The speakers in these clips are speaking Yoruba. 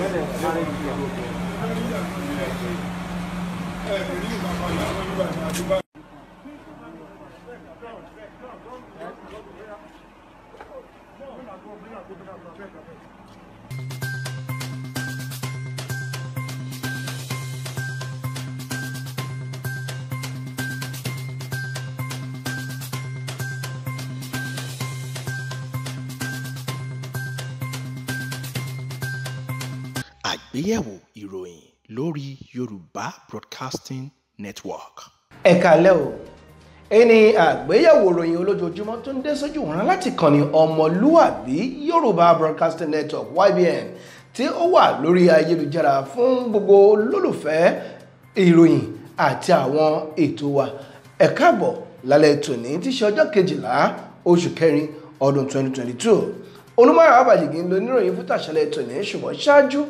Thank you. àgbéyẹ̀wò ìròyìn lórí Yorùbá Broadcasting Network. ẹ kálẹ́ o èyí ni àgbéyẹ̀wò ìròyìn olójoojúmọ́ tó ń dé sójú wọn láti kàn ọmọlúwàbí Yorùbá Broadcasting Network YBN tí ó wà lórí ayélujára fún gbogbo olólùfẹ́ ìròyìn àti àwọn ètò wa ẹ káàbọ̀ lálẹ́ tòní tí ṣe ọjọ́ kejìlá oṣù kẹrin ọdún 2022 olùmọ̀ràn abàjìgì ń lo níròyìn fún tàṣálẹ́ tòní ṣùgbọ́n ṣáájú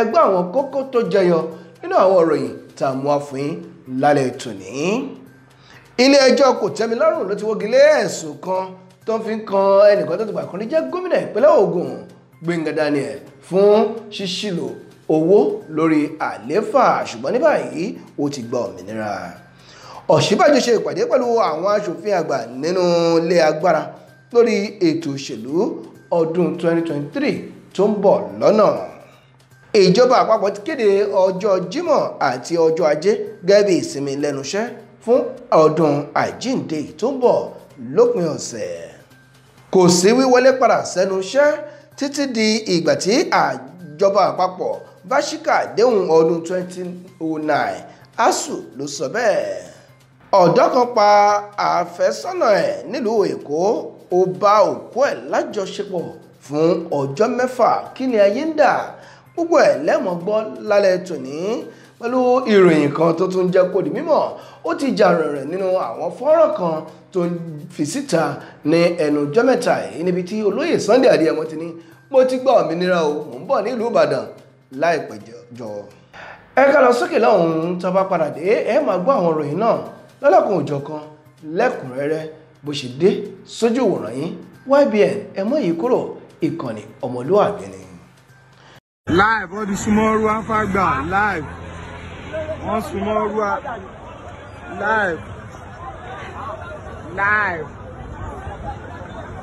ẹgbẹ́ àwọn kókó tó jẹyọ nínú àwọn ìròyìn tá a mú wá fún yín lálẹ́ tòní. ilé ẹjọ́ kòtẹ́milọ́rùn ló ti wọ́gi lé ẹ̀sùn kan tó ń fi kan ẹnìkan tó ti gbàkan ní jẹ́ gómìnà ìpínlẹ̀ Ògùn Gbẹ́ngà Daniel fún ṣíṣìlò owó lórí àléfà ṣùgbọ́n ní báyìí ó ti gba òmìnira Ọ̀ṣínbàjò ṣe ìpàdé pẹ̀lú àwọn aṣòfin àgbà nínú ilé agbára lórí ètò òṣèlú ọdún 2023 tó ń bọ̀ lọ́nà. ìjọba àpapọ̀ ti kéde ọjọ́ Jímọ̀ àti ọjọ́ Ajé gẹ́gẹ́ bí ìsinmi lẹ́nu iṣẹ́ fún ọdún àjíǹde tó ń bọ̀ lópin ọ̀sẹ̀. kò sí wíwọlé padà sẹ́nu iṣẹ́ títí di ìgbà tí àjọba àpapọ̀ bá ṣíkà déhùn ọdún 2009 asu ló sọ bẹ́ẹ̀ ọ̀dọ́ kan pa àfẹ́sọ́nà ẹ̀ nílùú èkó ó bá òkú ẹ̀ lájọṣepọ̀ fún ọjọ́ mẹ́fà kí ni ayé ń dà gbogbo ẹ̀ lẹ́mọ̀ gbọ́ lálẹ́ tòní pẹ̀lú ìròyìn kan tó tún jẹ́ kó di mímọ̀ ó ti jà rìnrìn nínú àwọn fọ́nrán kan tó ń fi síta ní ẹnu ọjọ́ mẹ́ta yìí níbi tí olóyè Sunday Adéyẹmọ ti ní mo ti gba òmìnira o mò ń bọ̀ nílùú Ìbàdàn láìpẹ́ jọ. ẹ ká lọ sókè lọ́hùn-ún tó bá padà dé ẹ máa gbọ́ àwọn ìròyìn náà lọ́lọ́kan òjọ̀kan lẹ́kùnrẹ́rẹ́ bó ṣe dé sójú ìwòrán yín YBN ẹ yìí kúrò ìkànnì ọmọlúwàbí ni. live ó di Súnmọ́rúwá Fágbà live wọ́n Súnmọ́rúwá live live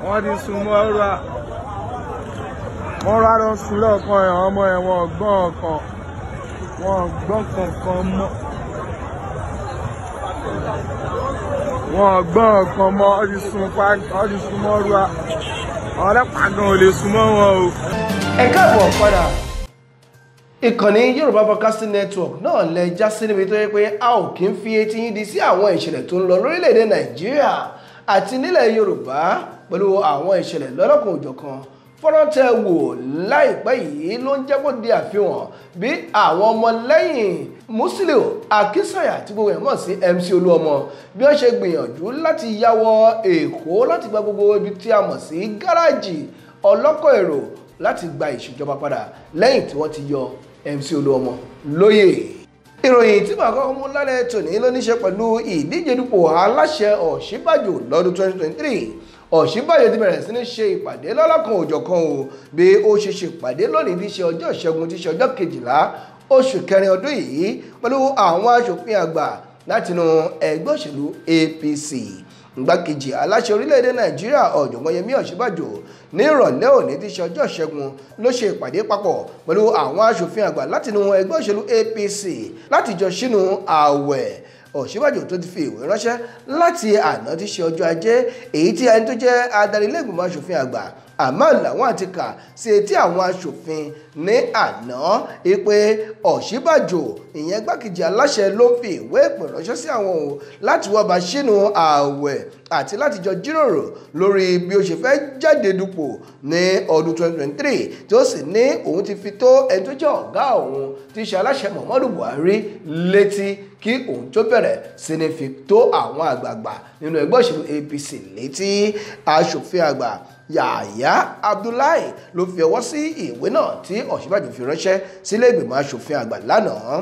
wọ́n di Súnmọ́rúwá wọ́n rárá sùn lọ́ọ̀kan ẹ̀ ọmọ ẹ̀ wọ́n gbọ́n ọkàn wọ́n gbọ́n kankan mọ́. wọn gbọ́n nǹkan mọ́ ọ́dí súnmọ́ rúwa ọlọ́pàá gan ò lè súnmọ́ wọn o. ẹ káàbọ̀ padà ìkànnì Yorùbá Broadcasting Network náà lẹ já sí níbi tó yẹ pé a ò kí ń fi etí yín di sí àwọn ìṣẹ̀lẹ̀ tó ń lọ lórílẹ̀‐èdè Nàìjíríà àti nílẹ̀ Yorùbá pẹ̀lú àwọn ìṣẹ̀lẹ̀ lọ́lọ́kan òjọ̀kan fọ́nrán tẹ́ wò láìpẹ́ yìí ló ń jẹ́ kó di àfihàn bí àwọn ọmọlẹ́yìn Musiliu Akínsànyà tí gbogbo ẹ̀ mọ̀ sí MC Olúọmọ bí wọ́n ṣe gbìyànjú láti yàwọ̀ Èkó láti gba gbogbo ibi tí a mọ̀ sí gáràjì ọlọ́kọ̀ èrò láti gba ìṣèjọba padà lẹ́yìn tí wọ́n ti yọ MC Olúọmọ lóyè ìròyìn tí màá kọ́kọ́ mú lálẹ́ tòní ló ní ṣe pẹ̀lú ìdíje dupò aláṣẹ Ọ̀ṣínbàjò lọ́dún 2023 Ọ̀ṣínbàjò ti bẹ̀rẹ̀ sí ní ṣe ìpàdé lọ́lọ́kan òjọ̀kan o bí ó ṣe ṣèpàdé lónìí tí ṣe ọjọ́ ìṣẹ́gun tí ṣe ọjọ́ kejìlá oṣù kẹrin ọdún yìí pẹ̀lú àwọn aṣòfin àgbà látinú ẹgbẹ́ òṣèlú APC igbákejì aláṣẹ orílẹ̀-èdè nàìjíríà ọ̀jọ̀gbọ́n yẹmí ọ̀ṣínbàjò ní ìrọ̀lẹ́ òní tí ṣe ọjọ́ ìṣẹ́gun ló ṣe ìpàdé papọ̀ pẹ̀lú àwọn aṣòfin àgbà látinú ẹgbẹ́ òṣèlú apc láti sínú ààwẹ̀ Ọ̀ṣínbàjò tó ti fi ìwé ránṣẹ́ láti àná tí ṣe ọjọ́ ajé èyí tí ẹni tó jẹ́ adarí ilé ìgbìmọ̀ aṣòfin àgbà àmọ́ làwọn àti kà sí etí àwọn aṣòfin ní àná ipe Ọ̀ṣínbàjò ìyẹn gbákejì aláṣẹ ló fi ìwé ìpè ránṣẹ́ sí àwọn òun láti wọ́n bá sínú ààwẹ̀ àti láti jọ jíròrò lórí bí ó ṣe fẹ́ jáde dupò ní ọdún 2023 tí ó sì ní òun ti fi tó ẹni tó jẹ́ ọ̀gá òun tí í ṣe aláṣẹ Muhammadu Buhari létí kí òun tó bẹ̀rẹ̀ sí ni fi tó àwọn àgbààgbà nínú ẹgbẹ́ òṣèlú APC létí aṣòfin àgbà Yàyà Abdullahi ló fi ọwọ́ sí ìwé náà tí Ọ̀ṣínbàjò fi ránṣẹ́ sílé ìgbìmọ̀ asòfin àgbà lánàá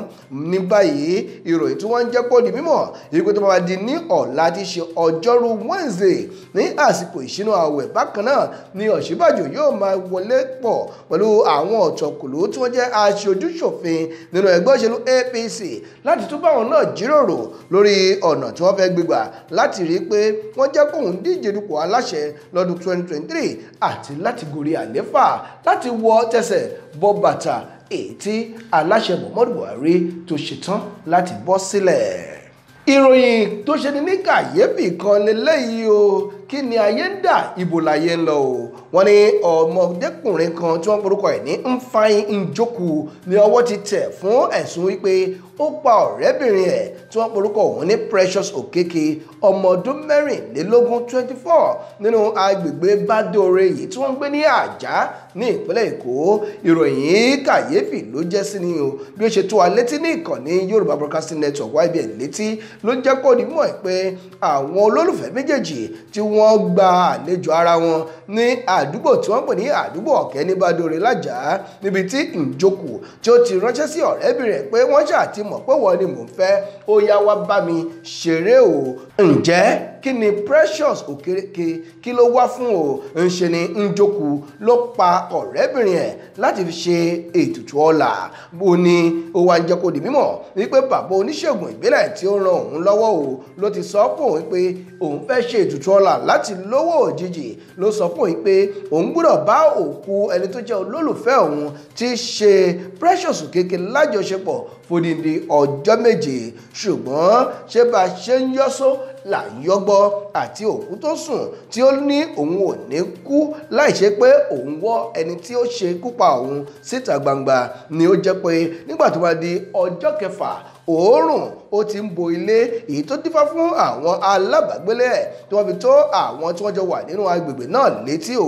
ní báyìí ìròyìn tí wọ́n ń jẹ́ pọ̀ di mímọ̀ ìpè tó bá di ní ọ̀la ti ṣe ọjọ́rú Wednesday ní àsìkò ìṣínú àwẹ̀ bákan náà ni Ọ̀ṣínbàjò yóò máa wọlé pọ̀ pẹ̀lú àwọn ọ̀tọ̀kùlú tí wọ́n jẹ́ aṣojúṣòfin nínú ẹgbẹ́ òṣèlú APC láti tún báwọn náà jíròrò lórí ọ̀nà tí wọ́n fẹ́ gbégbà láti rí i pé wọ́n jẹ́ kóun díje dupò aláṣẹ lọ́dún 2020 three àti láti gorí àléfà láti wọ tẹsẹ̀ bọ́ bàtà èyí tí aláṣẹ Muhammadu Buhari tó ṣetán láti bọ́ sílẹ̀. ìròyìn tó ṣe ní ní kàyéfì kan lélẹ́yìí o kí ni ayé ń dà ibo láyé ń lọ o wọ́n ní ọmọdékùnrin kan tí wọ́n porúkọ ẹ̀ ní Nfain Njoku ní ọwọ́ ti tẹ̀ fún ẹ̀sùn wípé ó pa ọ̀rẹ́bìnrin ẹ̀ tí wọ́n porúkọ òun ní Precious Okeke ọmọ ọdún mẹ́rìnlélógún twenty four nínú agbègbè Badore yìí tí wọ́n ń gbé ní Àjá ní ìpínlẹ̀ Èkó ìròyìn kàyéfì ló jẹ́ sí ni o bí ó ṣe tó wa létí ní ìkànnì Yorùbá Broadcasting Network YBN létí ló jẹ́ kó ní mọ̀ pé àwọn olólùfẹ́ méjèèjì tí wọ́n wọ́n gba àlejò ara wọn ní àdúgbò tí wọ́n pè ní àdúgbò ọ̀kẹ́ ní Badore lájàá níbi tí Njoku tí ó ti ránṣẹ́ sí ọ̀rẹ́bìnrin pé wọ́n ṣáà ti mọ̀ pé wọ́n ni mò ń fẹ́ ó yá wá bá mi ṣeré o ǹjẹ́ kí ni Precious Okereke kí ló wá fún o ń ṣe ni Njoku ló pa ọ̀rẹ́bìnrin ẹ̀ láti fi ṣe ètùtù ọlà bó ni ó wá ń jẹ́ kó di mímọ̀ wípé bàbá oníṣègùn ìbílẹ̀ tí ó ran òun lọ́wọ́ o ló ti sọ fún òun pé òun fẹ́ ṣe ètùtù ọlà láti lówó òjijì ló sọ fún òun pé òun gbọ́dọ̀ bá òkú ẹni tó jẹ́ olólùfẹ́ òun ti ṣe Precious Okereke lájọṣepọ̀ fòdìdì ọjọ́ méje ṣùgbọ́n ṣé bá ṣe ń yọ́sọ́ là ń yọgbọ́ àti òkú tó sùn tí ó ní òun ò ní kú láìṣe pé òun wọ́ ẹni tí ó ṣe kú pa òun síta gbangba ni ó jẹ́ pé nígbà tó bá di ọjọ́ kẹfà òórùn ó ti ń bo ilé èyí tó dífá fún àwọn alábàágbélé ẹ̀ tí wọ́n fi tó àwọn tí wọ́n jọ wà nínú agbègbè náà létí o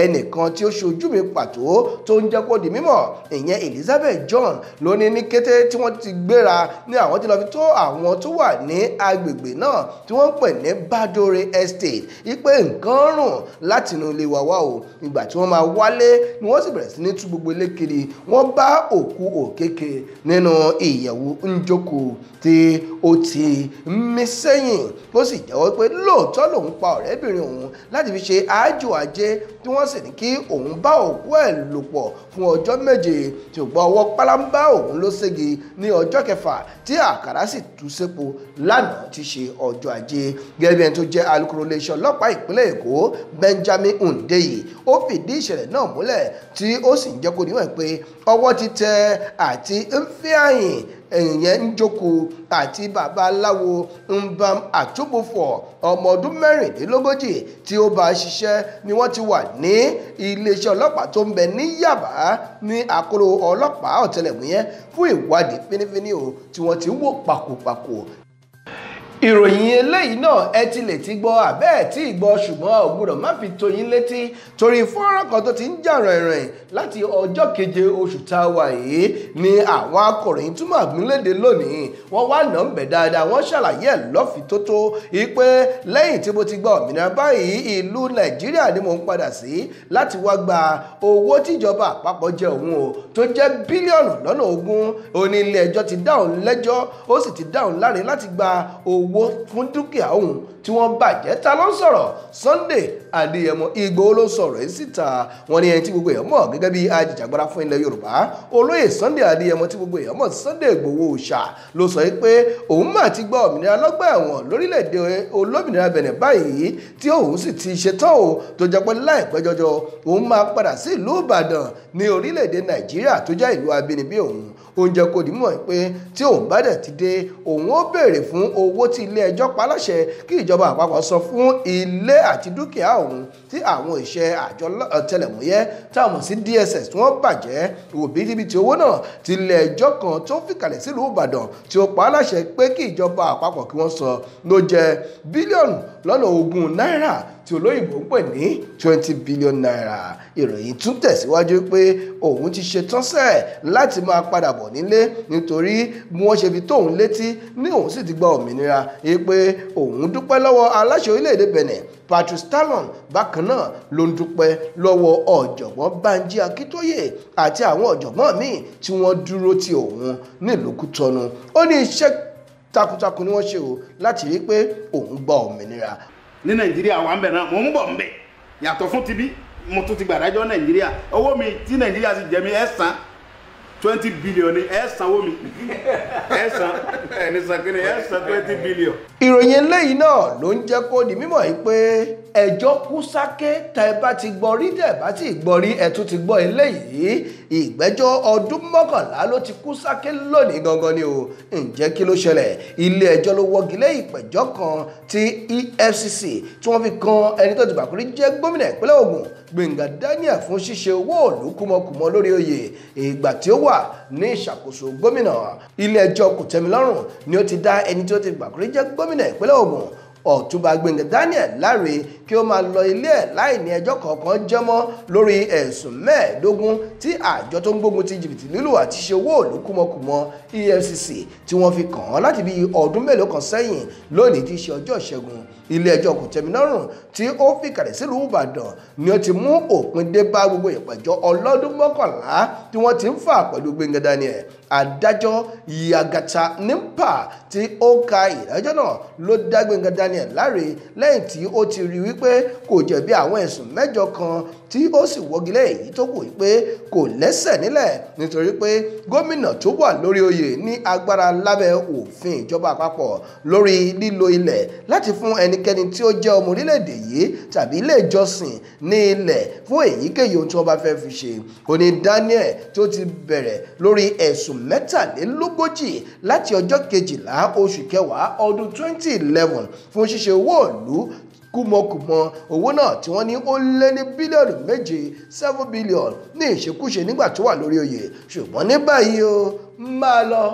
ẹnìkan tí ó ṣojú mi pàtó tó ń jẹ́ kó di mímọ̀ ìyẹn Elizabeth John ló ní ní kété tí wọ́n ti gbéra ní àwọn tí lọ fi tó àwọn tó wà ní agbègbè náà tí wọ́n ń pè ní Badore Estate ipe nǹkan rùn látinú ilé wa wá o ìgbà tí wọ́n máa wálé ni wọ́n sì bẹ̀rẹ̀ sí ní tú gbogbo ilé kiri wọ́n bá òkú òkèké nínú ìyẹ̀wò ńjókòó ti be ó ti ń mí sẹ́yìn ó sì jẹ́wọ́ pé lóòótọ́ lòun pa ọ̀rẹ́bìnrin òun láti fi ṣe àájò ajé tí wọ́n sì ní kí òun bá òkú ẹ̀ lò pọ̀ fún ọjọ́ méje ṣùgbọ́n ọwọ́ pálámbá òun ló ségi ní ọjọ́ kẹfà tí àkàrà sì tú sépo lánàá ti ṣe ọjọ́ ajé gẹ́gẹ́ tó jẹ́ alukoro iléeṣẹ́ ọlọ́pàá ìpínlẹ̀ èkó benjamin hundeyi ó fìdí ìṣẹ̀lẹ̀ náà múlẹ̀ tí ó sì ń jẹ́ kó níwọ̀n pé ọwọ́ ti tẹ àti ń fi àyìn èèyàn ń jókòó àti babaláwo Nbam Achubufor ọmọ ọdún mẹ́rìndínlógójì tí ó bá ṣiṣẹ́ ni wọ́n ti wà ní iléeṣẹ́ ọlọ́pàá tó ń bẹ ní Yaba ní àkóró ọlọ́pàá ọ̀tẹlẹ̀múyẹ́ fún ìwádìí fínífíní o tí wọ́n ti wò pàkópàkó ìròyìn eléyìí náà ẹ ti lè ti gbọ́ àbẹ́ ẹ̀ tí ì gbọ́ ṣùgbọ́n ò gbọ́dọ̀ má fi tó yín létí torí fọ́nrán kan tó ti ń jà rìnrìn láti ọjọ́ keje oṣù tá a wà yìí ni àwọn akọ̀ròyìn túmọ̀ àgúnlédè lónìí wọ́n wá nà ń bẹ̀ dáadáa wọ́n ṣàlàyé ẹ̀ lọ́fìí tó tó pé lẹ́yìn tí mo ti gba òmìnira báyìí ìlú nàìjíríà ni mò ń padà sí láti wá gba owó tíjọba àpapọ̀ jẹ òun o tó jẹ́ bílíọ̀nù lọ́nà ogún òní ilé ẹjọ́ ti dáhùn lẹ́jọ́ ó sì ti dáhùn láre láti gba owó owó fún dúkìá òun tí wọ́n bàjẹ́ ta ló ń sọ̀rọ̀ Sunday Adéyẹmọ Ìgbòho ló sọ̀rọ̀ yìí síta wọ́n ní ẹni tí gbogbo èèyàn mọ̀ gẹ́gẹ́ bí ajìjàgbara fún ilẹ̀ Yorùbá olóyè Sunday Adéyẹmọ tí gbogbo èèyàn mọ̀ Sunday Ìgbòho Òòṣà ló sọ pé òun mà ti gba òmìnira lọ́gbà ẹ̀wọ̀n lórílẹ̀‐èdè olómìnira Bẹ̀nẹ̀ báyìí tí òun sì ti ṣetán o tó jẹ́ pé láìpẹ́ jọjọ òun máa padà sí ìlú Ìbàdàn ní orílẹ̀‐èdè Nàìjíríà tó jẹ́ ìlú abínibí òun ó ń jẹ́ kó di mọ̀ pé tí òun bá dẹ̀ ti dé òun ó béèrè fún owó tí ilé ẹjọ́ paláṣẹ kí ìjọba àpapọ̀ san fún ilé àti dúkìá òun tí àwọn ìṣẹ́ àjọ ọ̀tẹlẹ̀múyẹ́ táwọn sí DSS tí wọ́n bàjẹ́ òbítíbitì owó náà ti ilé ẹjọ́ kan tó fìkàlẹ̀ sílùú Ìbàdàn tí ó paláṣẹ pé kí ìjọba àpapọ̀ kí wọ́n san ló jẹ́ bílíọ̀nù lọ́nà ogún náírà tí olóyìnbó ń pè ní twenty billion naira ìròyìn tún tẹ̀síwájú pé òun ti ṣetán sẹ́ẹ̀ láti máa padà bọ̀ nílé nítorí bí wọ́n ṣe fi tóun létí ní òun sì ti gba òmìnira yìí pé òun dúpẹ́ lọ́wọ́ aláṣẹ orílẹ̀-èdè Benin Patrice Talon bákan náà ló ń dúpẹ́ lọ́wọ́ ọ̀jọ̀gbọ́n Banji Akíntóyè àti àwọn ọ̀jọ̀gbọ́n míì tí wọ́n dúró ti òun nílùú Kútọ́nù ó ní iṣẹ́ takuntakun ni wọ́n ṣe o láti rí i pé òun gba òmìnira ní nàìjíríà wà ń bẹ̀ náà mò ń bọ̀ ń bẹ̀ yàtọ̀ fún tibí mo tún ti gbàdájọ́ nàìjíríà owó mi tí nàìjíríà sì jẹ mi ẹ san twenty billion ni ẹ san owó mi ẹ san ẹni san kí ni ẹ san twenty billion. ìròyìn eléyìí náà ló ń jẹ́ kó di mímọ̀ yìí pé ẹjọ́ kú sáké tẹ́ ẹ bá ti gbọ́ rí tẹ́ bá ti gbọ́ rí ẹ tún ti gbọ́ eléyìí ìgbẹ́jọ́ ọdún mọ́kànlá ló ti kú sáké lónìí gangan ni o ǹjẹ́ kí ló ṣẹlẹ̀ ilé ẹjọ́ ló wọ́gi lé ìpẹ̀jọ́ kan ti EFCC tí wọ́n fi kan ẹni tó ti bàkúrí jẹ́ gómìnà ìpínlẹ̀ Ògùn Gbẹ̀ngà Daniel fún ṣíṣe owó òòlù kúmọkùmọ lórí oyè ìgbà tí ó wà ní ìṣàkóso gómìnà ilé ẹjọ́ kòtẹ́milọ́rùn ni ó ti dá ẹni tó ti bàkúrí jẹ́ gómìnà ìpínlẹ̀ Ògùn ọ̀túnba gbẹ̀ngàn daniel láre kí ó máa lọ ilé ẹ̀ láì ní ẹjọ́ kọ̀ọ̀kan jẹ́mọ́ lórí ẹ̀sùn mẹ́ẹ̀ẹ́dógún tí àjọ tó ń gbógun ti jìbìtì lílù àti ṣe owó òlú kúmọkùmọ efcc tí wọ́n fi kàn án láti bí ọdún mélòó kan sẹ́yìn lónìí ti ṣe ọjọ́ ìṣẹ́gun ilé ẹjọ́ kòtẹ́milọ́rùn tí ó fìkàlẹ̀ sílùú ìbàdàn ni ó ti mú òpin dé bá gbogbo ìpẹ̀jọ́ ọlọ́dún mọ́kànlá tí wọ́n ti ń fà pẹ̀lú Gbẹ́ngà Daniel adájọ́ yagata nípa tí ó ka ìdájọ́ náà ló dá Gbẹ́ngà Daniel láre lẹ́yìn tí ó ti rí wípé kò jẹ̀bi àwọn ẹ̀sùn mẹ́jọ kan tí ó sì wọ́gilé èyí tó kù pé kò lẹ́sẹ̀ nílẹ̀ nítorí pé gómìnà tó wà lórí oyè ní agbára lábẹ́ òfin ìjọba àpapọ̀ lórí lílo ilẹ̀ láti fún ẹnikẹ́ni tí ó jẹ́ ọmọ orílẹ̀-èdè yìí tàbí ilé ìjọsìn ní ilẹ̀ fún èyíkéyìí ohun tí wọ́n bá fẹ́ fi ṣe òní Daniel tí ó ti bẹ̀rẹ̀ lórí ẹ̀sùn mẹ́tàlélógójì láti ọjọ́ kejìlá oṣù kẹwàá ọdún 2011 fún ṣíṣe owó ìlú kúmọkùmọ owó náà tí wọ́n ní ó lé ní bílíọ̀nù méje seven billion ní ìṣekúṣe nígbà tó wà lórí oyè ṣùgbọ́n ní báyìí o máa lọ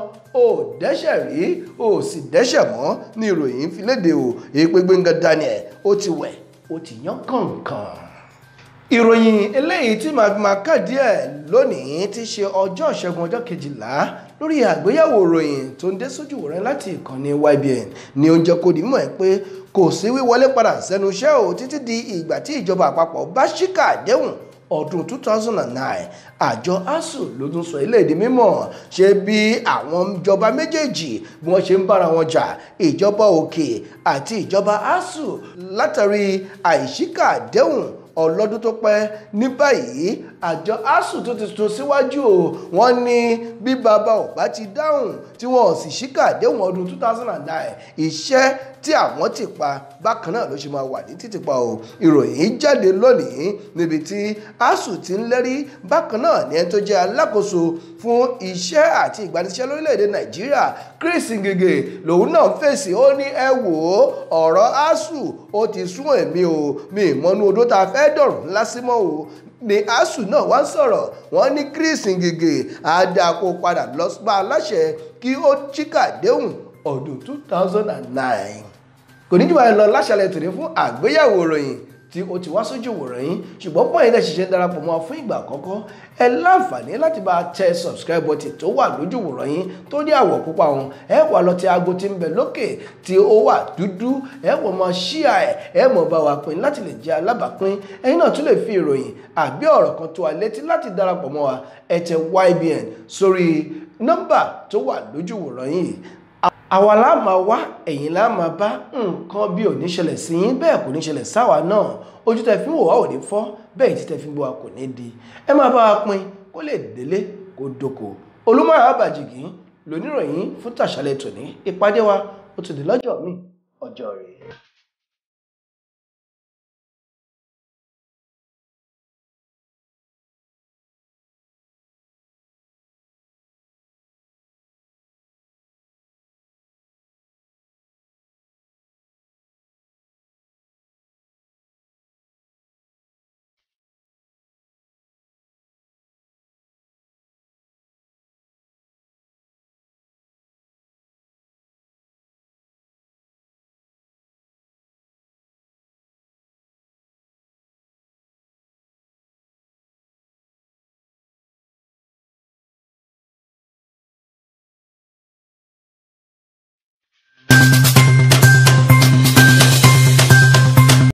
ò dẹ́ṣẹ̀ rí ò sì dẹ́ṣẹ̀ mọ́ ní ìròyìn fi léde o èyí pé Gbẹ́ngà Daniel ó ti wẹ̀ ó ti yán kànkàn ìròyìn eléyìí tí màá fi máa kà díẹ̀ lónìí ti ṣe ọjọ́ ìṣẹ́gun ọjọ́ kejìlá lórí àgbéyẹ̀wò ìròyìn tó ń dé sójú wòran láti ìkànnì YBN ni ó ń jẹ́ kó di mọ̀ ẹ́ pé kò sí wíwọlé padà sẹ́nu iṣẹ́ ò títí di ìgbà tí ìjọba àpapọ̀ bá ṣíkà àdéhùn ọdún 2009 àjọ asuu ló tún sọ ilé di mímọ̀ ṣe bí àwọn ìjọba méjèèjì bí wọ́n ṣe ń bára wọn jà ìjọba òkè àti ìjọba asuu látàrí àìṣíkà àdéhùn ọlọ́dún tó pẹ́ ní báyìí àjọ asuu tó ti tó síwájú o wọ́n ní bí bàbá ọ̀bá ti dáhùn tí wọ́n sì ṣíkà déhùn ọdún 2009 iṣẹ́ tí àwọn ti pa bákan náà ló ṣe máa wà ní títì pa o ìròyìn jáde lónìí níbi tí asuu ti ń lẹ́rí bákan náà ní ẹni tó jẹ́ alákòóso fún iṣẹ́ àti ìgbanisíṣẹ́ lórílẹ̀‐èdè nàìjíríà Chris Ngige lòun náà fèsì ó ní ẹ wò ó ọ̀rọ̀ asuu ó ti sún èmi o mi ìmọ̀nú odó ta fẹ́ fẹ́ dọ̀rùn ńlá símọ́ o ní asuu náà wá ń sọ̀rọ̀ wọ́n ní Chris Ngige àdàkọ padà lọ́sọ́gbà aláṣẹ kí ó chíkà déhùn ọdún two thousand and nine kò ní jùlọ lọ láṣàlẹ̀ tòní fún àgbéyẹ̀wò ìròyìn tí ó ti wá sójú wòrán yín ṣùgbọ́n pọ́n yìí lè ṣiṣẹ́ darapọ̀ mọ́ fún ìgbà àkọ́kọ́ ẹ láǹfààní láti bá tẹ subscribe button tó wà lójú wòrán yín tó ní àwọ̀ pupa wọn ẹ wà lọ ti aago tí ń bẹ lókè tí ó wà dúdú ẹ wọ̀ mọ́ ṣíà ẹ ẹ mọ̀ bá wa pín láti lè jẹ́ alábàápín ẹ̀yin náà tún lè fi ìròyìn àbí ọ̀rọ̀ kan tó wa létí láti darapọ̀ mọ́ wa ẹ tẹ YBN sórí nọ́mbà tó wà lójú wòrán yìí àwa láàmà wá ẹ̀yìn láàmà bá nǹkan bí ò ní ṣẹlẹ̀ sí yín bẹ́ẹ̀ kò ní ṣẹlẹ̀ sáwa náà ojú tẹ fi ń wò wá ò ní fọ́ bẹ́ẹ̀ tí tẹ fi ń gbọ́ wa kò ní di ẹ máa bá wa kó lè délé kó doko Olúmọ Àbàjìgì lóníròyìn fún tàṣálẹ́ tòní ìpàdé wa ó tún di lọ́jọ́ míì ọjọ́ rèé